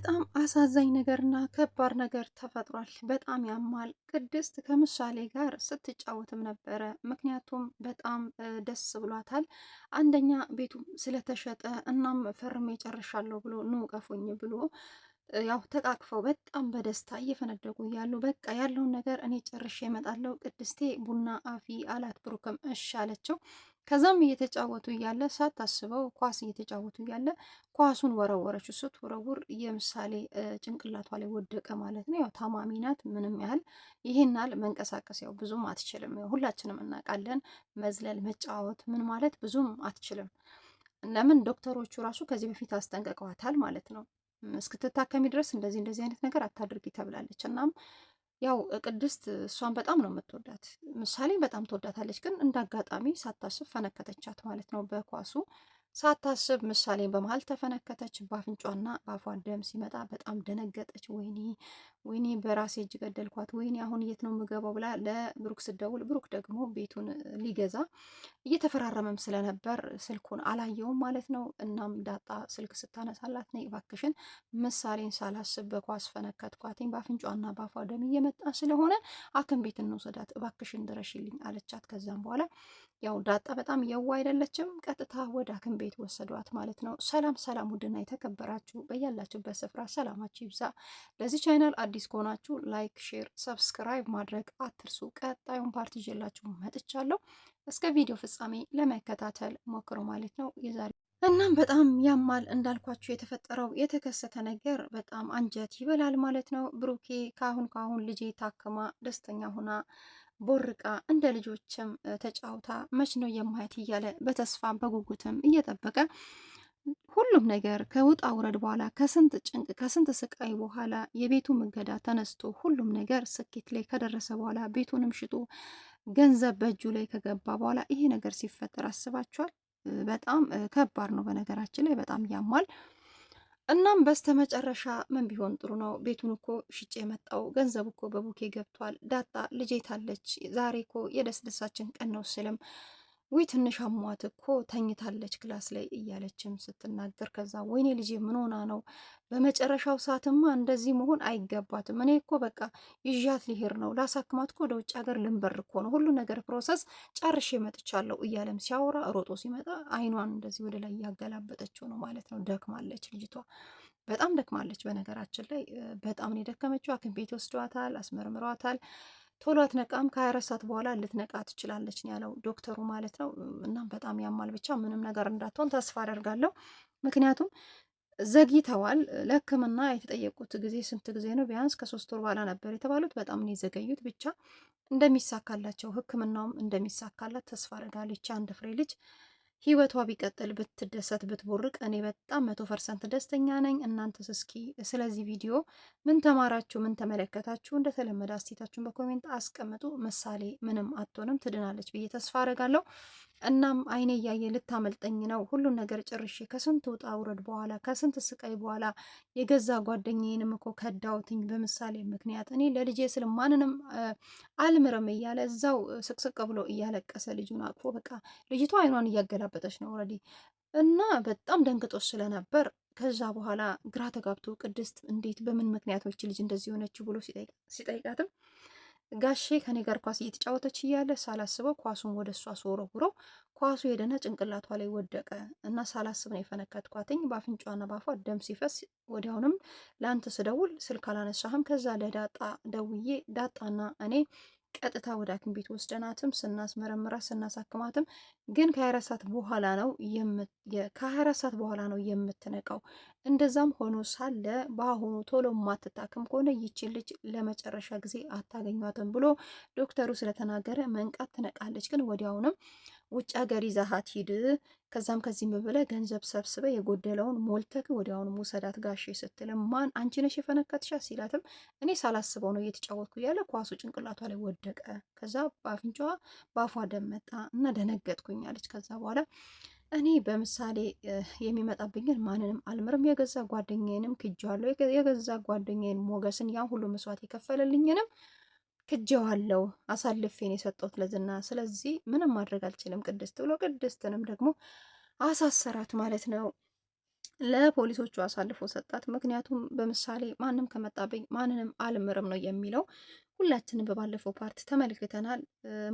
በጣም አሳዛኝ ነገርና ከባድ ነገር ተፈጥሯል። በጣም ያማል። ቅድስት ከምሳሌ ጋር ስትጫወትም ነበረ። ምክንያቱም በጣም ደስ ብሏታል። አንደኛ ቤቱ ስለተሸጠ እናም ፈርሜ ጨርሻለሁ ብሎ ኑ ቀፉኝ ብሎ ያው ተቃቅፈው በጣም በደስታ እየፈነደጉ እያሉ በቃ ያለውን ነገር እኔ ጨርሼ እመጣለሁ ቅድስቴ ቡና አፊ አላት። ብሩክም እሺ አለችው። ከዛም እየተጫወቱ እያለ ሳታስበው ኳስ እየተጫወቱ እያለ ኳሱን ወረወረች ስትወረውር የምሳሌ ጭንቅላቷ ላይ ወደቀ ማለት ነው። ያው ታማሚ ናት። ምንም ያህል ይሄናል መንቀሳቀስ ያው ብዙም አትችልም። ሁላችንም እናውቃለን። መዝለል፣ መጫወት ምን ማለት ብዙም አትችልም። ለምን ዶክተሮቹ ራሱ ከዚህ በፊት አስጠንቀቀዋታል ማለት ነው። እስክትታከሚ ድረስ እንደዚህ እንደዚህ አይነት ነገር አታድርጊ ተብላለች። እናም ያው ቅድስት እሷን በጣም ነው የምትወዳት። ምሳሌ በጣም ትወዳታለች፣ ግን እንደ አጋጣሚ ሳታስብ ፈነከተቻት ማለት ነው በኳሱ ሳታስብ ምሳሌ በመሀል ተፈነከተች። በአፍንጫና በአፏ ደም ሲመጣ በጣም ደነገጠች። ወይኔ ወይኔ በራሴ እጅ ገደልኳት፣ ወይኔ አሁን የት ነው የምገባው ብላ ለብሩክ ስደውል ብሩክ ደግሞ ቤቱን ሊገዛ እየተፈራረመም ስለነበር ስልኩን አላየውም ማለት ነው። እናም ዳጣ ስልክ ስታነሳላት ነይ እባክሽን ምሳሌን ሳላስብ በኳስ ፈነከትኳትኝ፣ በአፍንጫና በአፏ ደም እየመጣ ስለሆነ ሐኪም ቤት እንውሰዳት እባክሽን ድረሽልኝ አለቻት። ከዛም በኋላ ያው ዳጣ በጣም የዋ አይደለችም፣ ቀጥታ ወደ ሐኪም ቤት ወሰዷት ማለት ነው። ሰላም ሰላም፣ ውድና የተከበራችሁ በያላችሁበት ስፍራ ሰላማችሁ ይብዛ። ለዚህ ቻይናል አዲስ ከሆናችሁ ላይክ፣ ሼር፣ ሰብስክራይብ ማድረግ አትርሱ። ቀጣዩን ፓርት ይዤላችሁ መጥቻለሁ። እስከ ቪዲዮ ፍጻሜ ለመከታተል ሞክሩ ማለት ነው። የዛሬ እናም በጣም ያማል እንዳልኳችሁ የተፈጠረው የተከሰተ ነገር በጣም አንጀት ይበላል ማለት ነው። ብሩኬ ካሁን ካሁን ልጄ ታክማ ደስተኛ ሆና ቦርቃ እንደ ልጆችም ተጫውታ መች ነው የማየት እያለ በተስፋ በጉጉትም እየጠበቀ ሁሉም ነገር ከውጣ ውረድ በኋላ ከስንት ጭንቅ ከስንት ስቃይ በኋላ የቤቱ እገዳ ተነስቶ ሁሉም ነገር ስኬት ላይ ከደረሰ በኋላ ቤቱንም ሽጦ ገንዘብ በእጁ ላይ ከገባ በኋላ ይሄ ነገር ሲፈጠር አስባችኋል? በጣም ከባድ ነው። በነገራችን ላይ በጣም ያማል። እናም በስተመጨረሻ ምን ቢሆን ጥሩ ነው? ቤቱን እኮ ሽጬ የመጣው ገንዘብ እኮ በቡኬ ገብቷል። ዳጣ ልጄ ታለች። ዛሬ እኮ የደስደሳችን ቀን ነው ስልም ውይ ትንሽ አሟት እኮ ተኝታለች ክላስ ላይ እያለችም ስትናገር፣ ከዛ ወይኔ ልጄ ምን ሆና ነው? በመጨረሻው ሰዓትማ እንደዚህ መሆን አይገባትም። እኔ እኮ በቃ ይዣት ሊሄድ ነው ላሳክማት እኮ ወደ ውጭ ሀገር ልንበር እኮ ነው ሁሉ ነገር ፕሮሰስ ጨርሼ መጥቻለሁ እያለም ሲያወራ ሮጦ ሲመጣ አይኗን እንደዚህ ወደ ላይ ያገላበጠችው ነው ማለት ነው። ደክማለች ልጅቷ በጣም ደክማለች። በነገራችን ላይ በጣም ነው የደከመችው። ሐኪም ቤት ወስዷታል፣ አስመርምሯታል። ቶሎ አትነቃም። ከ24 ሰዓት በኋላ ልትነቃ ትችላለች ነው ያለው ዶክተሩ ማለት ነው። እናም በጣም ያማል። ብቻ ምንም ነገር እንዳትሆን ተስፋ አደርጋለሁ። ምክንያቱም ዘግይተዋል። ለሕክምና የተጠየቁት ጊዜ ስንት ጊዜ ነው? ቢያንስ ከሶስት ወር በኋላ ነበር የተባሉት። በጣም ነው የዘገዩት። ብቻ እንደሚሳካላቸው ሕክምናውም እንደሚሳካላት ተስፋ አደርጋለች። አንድ ፍሬ ልጅ ህይወቷ ቢቀጥል ብትደሰት ብትቦርቅ እኔ በጣም መቶ ፐርሰንት ደስተኛ ነኝ። እናንተስ እስኪ ስለዚህ ቪዲዮ ምን ተማራችሁ? ምን ተመለከታችሁ? እንደተለመደ አስቴታችሁን በኮሜንት አስቀምጡ። ምሳሌ ምንም አትሆንም ትድናለች ብዬ ተስፋ አደርጋለሁ። እናም አይኔ እያየ ልታመልጠኝ ነው። ሁሉን ነገር ጭርሼ ከስንት ውጣ ውረድ በኋላ ከስንት ስቃይ በኋላ የገዛ ጓደኛዬንም እኮ ከዳውትኝ በምሳሌ ምክንያት እኔ ለልጄ ስል ማንንም አልምርም እያለ እዛው ስቅስቅ ብሎ እያለቀሰ ልጁን አቅፎ በቃ ልጅቷ አይኗን እያገላ እየተገላበጠች ነው ኦልሬዲ እና በጣም ደንግጦች ስለነበር ከዛ በኋላ ግራ ተጋብቶ ቅድስት እንዴት በምን ምክንያቶች ልጅ እንደዚህ ሆነችው ብሎ ሲጠይቃትም ጋሼ ከኔ ጋር ኳስ እየተጫወተች እያለ ሳላስበው ኳሱን ወደ እሷ ስወረውረው ኳሱ ሄደና ጭንቅላቷ ላይ ወደቀ እና ሳላስብ ነው የፈነከትኳትኝ። በአፍንጫና በአፏ ደም ሲፈስ ወዲያውንም ለአንተ ስደውል ስልክ አላነሳህም። ከዛ ለዳጣ ደውዬ ዳጣና እኔ ቀጥታ ወደ ሐኪም ቤት ወስደናትም ስናስመረምራት ስናሳክማትም ግን ከ24 ሰዓት በኋላ ነው ከ24 ሰዓት በኋላ ነው የምትነቃው። እንደዛም ሆኖ ሳለ በአሁኑ ቶሎ ማትታክም ከሆነ ይቺ ልጅ ለመጨረሻ ጊዜ አታገኟትም ብሎ ዶክተሩ ስለተናገረ መንቃት ትነቃለች። ግን ወዲያውንም ውጭ ሀገር ይዛሃት ሂድ፣ ከዛም ከዚህም ብለህ ገንዘብ ሰብስበ የጎደለውን ሞልተክ ወዲያውኑ መውሰዳት ጋሽ ስትል ማን አንቺ ነሽ የፈነከትሻ ሲላትም እኔ ሳላስበው ነው እየተጫወትኩ እያለ ኳሱ ጭንቅላቷ ላይ ወደቀ። ከዛ በአፍንጫዋ በአፏ ደም መጣ እና ደነገጥኩኝ አለች። ከዛ በኋላ እኔ በምሳሌ የሚመጣብኝን ማንንም አልምርም። የገዛ ጓደኛዬንም ክጃለሁ፣ የገዛ ጓደኛዬን ሞገስን ያን ሁሉ መስዋዕት የከፈለልኝንም ክጀዋለው አሳልፌን የሰጠሁት ለዝና ስለዚህ ምንም ማድረግ አልችልም ቅድስት ብሎ ቅድስትንም ደግሞ አሳሰራት ማለት ነው። ለፖሊሶቹ አሳልፎ ሰጣት። ምክንያቱም በምሳሌ ማንም ከመጣብኝ ማንንም አልምርም ነው የሚለው። ሁላችንም በባለፈው ፓርት ተመልክተናል።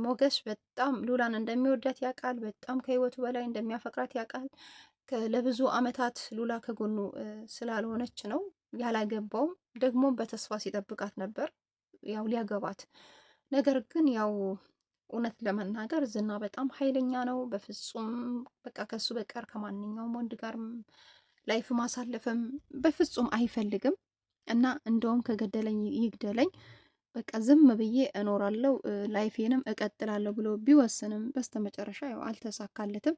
ሞገስ በጣም ሉላን እንደሚወዳት ያውቃል። በጣም ከህይወቱ በላይ እንደሚያፈቅራት ያውቃል። ለብዙ አመታት ሉላ ከጎኑ ስላልሆነች ነው ያላገባውም። ደግሞ በተስፋ ሲጠብቃት ነበር። ያው ሊያገባት ነገር ግን ያው እውነት ለመናገር ዝና በጣም ኃይለኛ ነው። በፍጹም በቃ ከሱ በቀር ከማንኛውም ወንድ ጋር ላይፍ ማሳለፍም በፍጹም አይፈልግም እና እንደውም ከገደለኝ ይግደለኝ በቃ ዝም ብዬ እኖራለሁ ላይፌንም እቀጥላለሁ ብሎ ቢወስንም በስተመጨረሻ ያው አልተሳካለትም።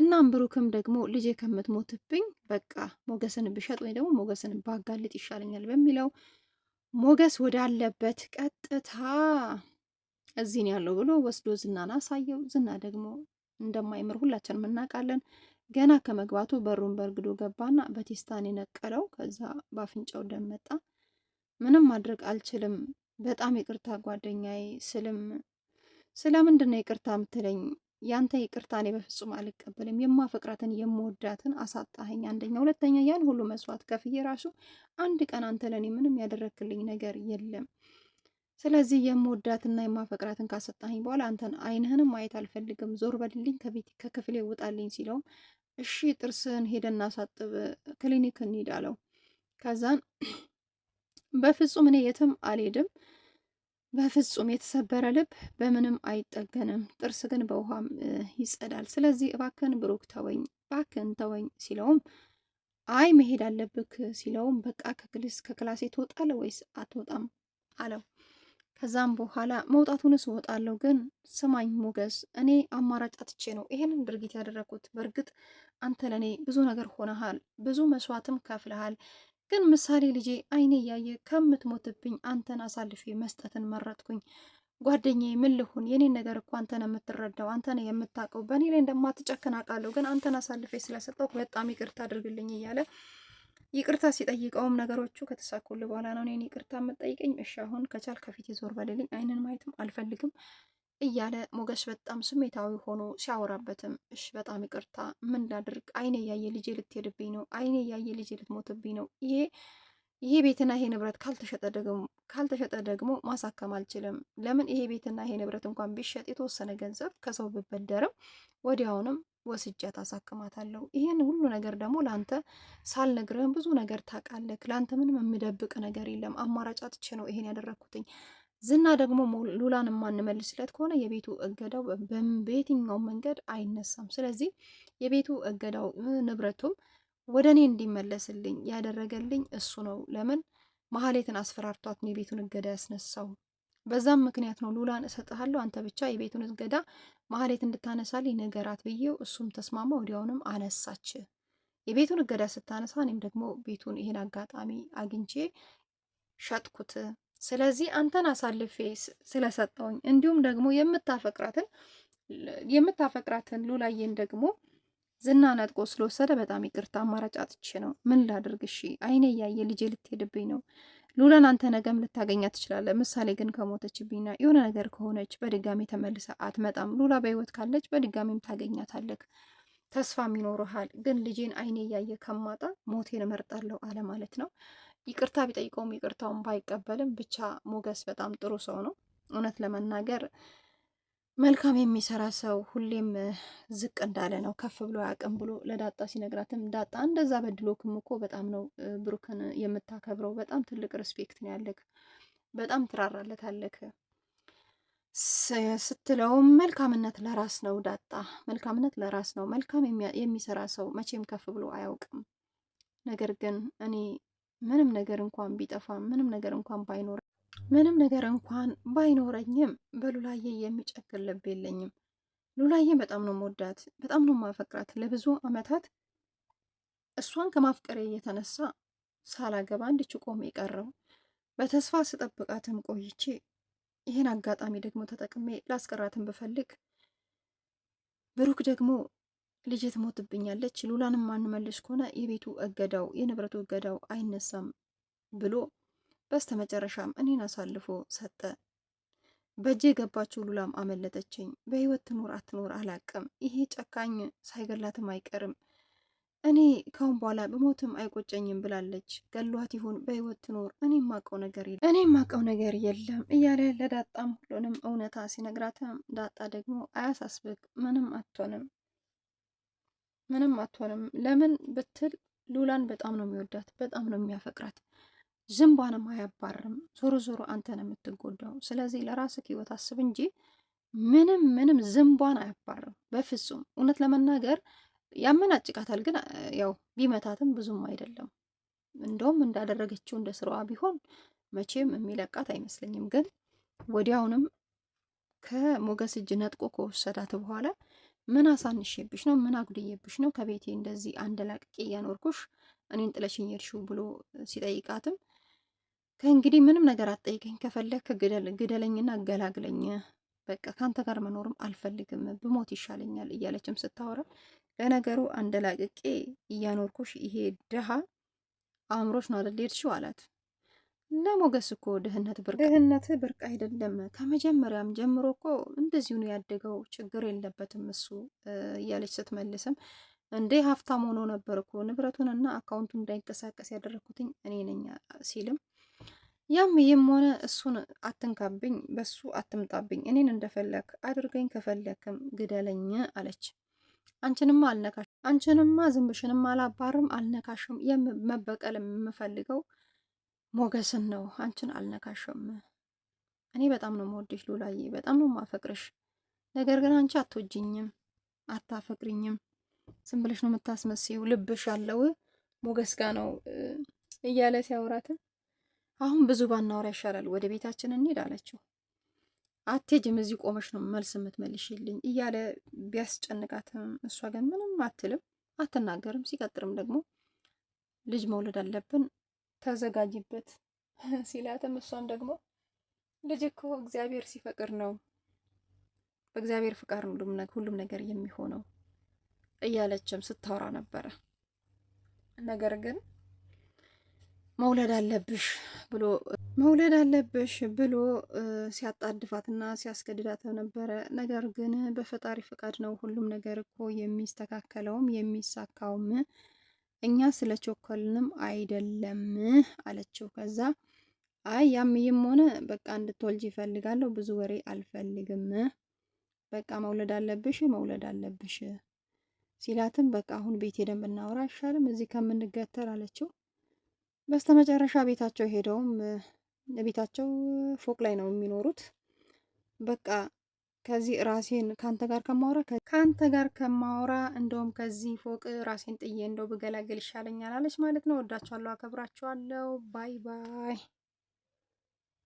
እናም ብሩክም ደግሞ ልጄ ከምትሞትብኝ በቃ ሞገስን ብሸጥ ወይ ደግሞ ሞገስን ባጋልጥ ይሻለኛል በሚለው ሞገስ ወዳለበት ቀጥታ እዚህ ነው ያለው ብሎ ወስዶ ዝናን አሳየው። ዝና ደግሞ እንደማይምር ሁላችንም እናውቃለን። ገና ከመግባቱ በሩን በርግዶ ገባና በቴስታን የነቀለው ከዛ በአፍንጫው ደም መጣ። ምንም ማድረግ አልችልም፣ በጣም ይቅርታ ጓደኛዬ ስልም ስለምንድን ነው ይቅርታ የምትለኝ ያንተ ይቅርታ እኔ በፍጹም አልቀበልም። የማፈቅራትን የምወዳትን አሳጣኸኝ። አንደኛ፣ ሁለተኛ ያን ሁሉ መስዋዕት ከፍዬ ራሱ አንድ ቀን አንተ ለእኔ ምንም ያደረክልኝ ነገር የለም። ስለዚህ የምወዳትና የማፈቅራትን ካሰጣኸኝ በኋላ አንተን ዓይንህንም ማየት አልፈልግም። ዞር በልልኝ፣ ከቤት ከክፍሌ ውጣልኝ ሲለውም እሺ ጥርስህን ሄደና ሳጥብ ክሊኒክ እንሂድ አለው። ከዛን በፍጹም እኔ የትም አልሄድም በፍጹም የተሰበረ ልብ በምንም አይጠገንም፣ ጥርስ ግን በውሃም ይጸዳል። ስለዚህ እባክን ብሩክ ተወኝ፣ እባክን ተወኝ ሲለውም አይ መሄድ አለብክ ሲለውም በቃ ከክልስ ከክላሴ ትወጣለህ ወይስ አትወጣም አለው። ከዛም በኋላ መውጣቱንስ እወጣለሁ፣ ግን ስማኝ ሞገስ፣ እኔ አማራጭ አጥቼ ነው ይሄንን ድርጊት ያደረኩት። በእርግጥ አንተ ለእኔ ብዙ ነገር ሆነሃል፣ ብዙ መስዋዕትም ከፍለሃል። ግን ምሳሌ ልጄ አይኔ እያየ ከምትሞትብኝ አንተን አሳልፌ መስጠትን መረጥኩኝ። ጓደኛዬ ምን ልሁን? የኔን ነገር እኮ አንተን የምትረዳው አንተን የምታውቀው፣ በእኔ ላይ እንደማትጨክን አውቃለሁ። ግን አንተን አሳልፌ ስለሰጠው በጣም ይቅርታ አድርግልኝ እያለ ይቅርታ ሲጠይቀውም ነገሮቹ ከተሳኩል በኋላ ነው እኔን ይቅርታ የምጠይቀኝ። እሺ አሁን ከቻል ከፊት ዞር በልልኝ፣ አይንን ማየትም አልፈልግም እያለ ሞገስ በጣም ስሜታዊ ሆኖ ሲያወራበትም እሽ በጣም ይቅርታ ምን ላድርግ፣ አይኔ እያየ ልጄ ልትሄድብኝ ነው፣ አይኔ እያየ ልጄ ልትሞትብኝ ነው። ይሄ ይሄ ቤትና ይሄ ንብረት ካልተሸጠ ደግሞ ማሳከም አልችልም። ለምን ይሄ ቤትና ይሄ ንብረት እንኳን ቢሸጥ የተወሰነ ገንዘብ ከሰው ብበደርም ወዲያውንም ወስጃ ታሳክማታለሁ። ይህን ሁሉ ነገር ደግሞ ለአንተ ሳልነግርህም ብዙ ነገር ታውቃለህ። ለአንተ ምንም የምደብቅ ነገር የለም። አማራጭ አጥቼ ነው ይሄን ያደረግኩትኝ ዝና ደግሞ ሉላን የማንመልስለት ከሆነ የቤቱ እገዳው በየትኛው መንገድ አይነሳም። ስለዚህ የቤቱ እገዳው ንብረቱም ወደ እኔ እንዲመለስልኝ ያደረገልኝ እሱ ነው። ለምን መሀሌትን አስፈራርቷት ነው የቤቱን እገዳ ያስነሳው። በዛም ምክንያት ነው ሉላን እሰጥሃለሁ፣ አንተ ብቻ የቤቱን እገዳ መሀሌት እንድታነሳልኝ ነገራት ብዬው እሱም ተስማማ። ወዲያውንም አነሳች። የቤቱን እገዳ ስታነሳ እኔም ደግሞ ቤቱን ይሄን አጋጣሚ አግኝቼ ሸጥኩት ስለዚህ አንተን አሳልፌ ስለሰጠውኝ እንዲሁም ደግሞ የምታፈቅራትን የምታፈቅራትን ሉላዬን ደግሞ ዝና ነጥቆ ስለወሰደ በጣም ይቅርታ፣ አማራጭ አጥቼ ነው። ምን ላድርግ? እሺ አይኔ እያየ ልጄ ልትሄድብኝ ነው። ሉላን አንተ ነገም ልታገኛ ትችላለህ። ምሳሌ ግን ከሞተችብኝና የሆነ ነገር ከሆነች በድጋሚ ተመልሳ አትመጣም። ሉላ በህይወት ካለች በድጋሚም ታገኛታለህ፣ ተስፋም ይኖርሃል። ግን ልጄን አይኔ እያየ ከማጣ ሞቴን እመርጣለሁ አለ ማለት ነው። ይቅርታ ቢጠይቀውም ይቅርታውን ባይቀበልም ብቻ ሞገስ በጣም ጥሩ ሰው ነው። እውነት ለመናገር መልካም የሚሰራ ሰው ሁሌም ዝቅ እንዳለ ነው፣ ከፍ ብሎ አያውቅም ብሎ ለዳጣ ሲነግራትም ዳጣ እንደዛ በድሎክም እኮ በጣም ነው ብሩክን የምታከብረው፣ በጣም ትልቅ ሪስፔክት ነው ያለክ፣ በጣም ትራራለታለክ ስትለውም መልካምነት ለራስ ነው ዳጣ፣ መልካምነት ለራስ ነው። መልካም የሚሰራ ሰው መቼም ከፍ ብሎ አያውቅም። ነገር ግን እኔ ምንም ነገር እንኳን ቢጠፋ ምንም ነገር እንኳን ባይኖር ምንም ነገር እንኳን ባይኖረኝም በሉላዬ የሚጨክል ልብ የለኝም። ሉላዬ በጣም ነው መወዳት፣ በጣም ነው ማፈቅራት። ለብዙ አመታት እሷን ከማፍቀሬ የተነሳ ሳላገባ እንድች ቆሜ ቀረው። በተስፋ ስጠብቃትም ቆይቼ ይህን አጋጣሚ ደግሞ ተጠቅሜ ላስቀራትን ብፈልግ ብሩክ ደግሞ ልጅ ትሞትብኛለች፣ ሉላንም ማንመልሽ ከሆነ የቤቱ እገዳው የንብረቱ እገዳው አይነሳም ብሎ በስተመጨረሻም እኔን አሳልፎ ሰጠ። በእጅ የገባችው ሉላም አመለጠችኝ። በህይወት ትኖር አትኖር አላቅም። ይሄ ጨካኝ ሳይገላትም አይቀርም። እኔ ካሁን በኋላ በሞትም አይቆጨኝም ብላለች። ገሏት ይሁን በህይወት ትኖር እኔ የማውቀው ነገር የለም እኔ የማውቀው ነገር የለም እያለ ለዳጣም ሁሉንም እውነታ ሲነግራትም ዳጣ ደግሞ አያሳስብክ ምንም አትሆንም ምንም አትሆንም። ለምን ብትል ሉላን በጣም ነው የሚወዳት፣ በጣም ነው የሚያፈቅራት። ዝንቧንም አያባርም። ዞሮ ዞሮ አንተ ነው የምትጎዳው። ስለዚህ ለራስህ ህይወት አስብ እንጂ ምንም ምንም ዝንቧን አያባርም በፍጹም። እውነት ለመናገር ያመናጭቃታል፣ ግን ያው ቢመታትም ብዙም አይደለም። እንደውም እንዳደረገችው እንደ ስራዋ ቢሆን መቼም የሚለቃት አይመስለኝም። ግን ወዲያውንም ከሞገስ እጅ ነጥቆ ከወሰዳት በኋላ ምን አሳንሼብሽ ነው? ምን አጉድዬብሽ ነው? ከቤቴ እንደዚህ አንድ ላቅቄ እያኖርኩሽ እኔን ጥለሽኝ ሄድሽው ብሎ ሲጠይቃትም ከእንግዲህ ምንም ነገር አትጠይቀኝ፣ ከፈለክ ግደለኝና ገላግለኝ፣ በቃ ከአንተ ጋር መኖርም አልፈልግም፣ ብሞት ይሻለኛል እያለችም ስታወራ፣ ለነገሩ አንድ ላቅቄ እያኖርኩሽ ይሄ ድሃ አእምሮች ነው አደል ሄድሽው አላት። ለሞገስ እኮ ድህነት ብርቅ ድህነት ብርቅ አይደለም። ከመጀመሪያም ጀምሮ እኮ እንደዚሁ ነው ያደገው፣ ችግር የለበትም እሱ እያለች ስትመልስም እንዴ ሀብታም ሆኖ ነበር እኮ ንብረቱንና አካውንቱን እንዳይንቀሳቀስ ያደረግኩትኝ እኔ ነኝ ሲልም ያም ይህም ሆነ እሱን አትንካብኝ፣ በሱ አትምጣብኝ፣ እኔን እንደፈለክ አድርገኝ፣ ከፈለክም ግደለኝ አለች። አንቺንማ አልነካሽ፣ አንቺንማ ዝምብሽንማ አላባርም፣ አልነካሽም። መበቀል የምፈልገው ሞገስን ነው። አንቺን አልነካሽም። እኔ በጣም ነው መወደሽ ሉላዬ፣ በጣም ነው ማፈቅርሽ። ነገር ግን አንቺ አትወጂኝም፣ አታፈቅሪኝም። ዝም ብለሽ ነው የምታስመስይው። ልብሽ ያለው ሞገስ ጋ ነው እያለ ሲያወራትም አሁን ብዙ ባናወራ ይሻላል፣ ወደ ቤታችን እንሄድ አለችው። አትሄጂም፣ እዚህ ቆመሽ ነው መልስ የምትመልሽልኝ እያለ ቢያስጨንቃትም እሷ ግን ምንም አትልም፣ አትናገርም። ሲቀጥርም ደግሞ ልጅ መውለድ አለብን ተዘጋጅበት ሲላትም እሷም ደግሞ ልጅ እኮ እግዚአብሔር ሲፈቅር ነው በእግዚአብሔር ፍቃድ ሁሉም ነገር የሚሆነው እያለችም ስታወራ ነበረ። ነገር ግን መውለድ አለብሽ ብሎ መውለድ አለብሽ ብሎ ሲያጣድፋትና ሲያስገድዳት ነበረ። ነገር ግን በፈጣሪ ፍቃድ ነው ሁሉም ነገር እኮ የሚስተካከለውም የሚሳካውም እኛ ስለ ቾኮልንም አይደለም አለችው። ከዛ አይ ያምዬም ሆነ በቃ እንድትወልጅ ይፈልጋለሁ፣ ብዙ ወሬ አልፈልግም፣ በቃ መውለድ አለብሽ መውለድ አለብሽ ሲላትም በቃ አሁን ቤት ሄደን ብናወራ አይሻልም እዚህ ከምንገተር አለችው። በስተመጨረሻ ቤታቸው ሄደውም ቤታቸው ፎቅ ላይ ነው የሚኖሩት በቃ ከዚህ ራሴን ከአንተ ጋር ከማውራ ከአንተ ጋር ከማውራ እንደውም ከዚህ ፎቅ ራሴን ጥዬ እንደው ብገላገል ይሻለኛል አለች ማለት ነው። ወዳችኋለሁ፣ አከብራችኋለሁ። ባይ ባይ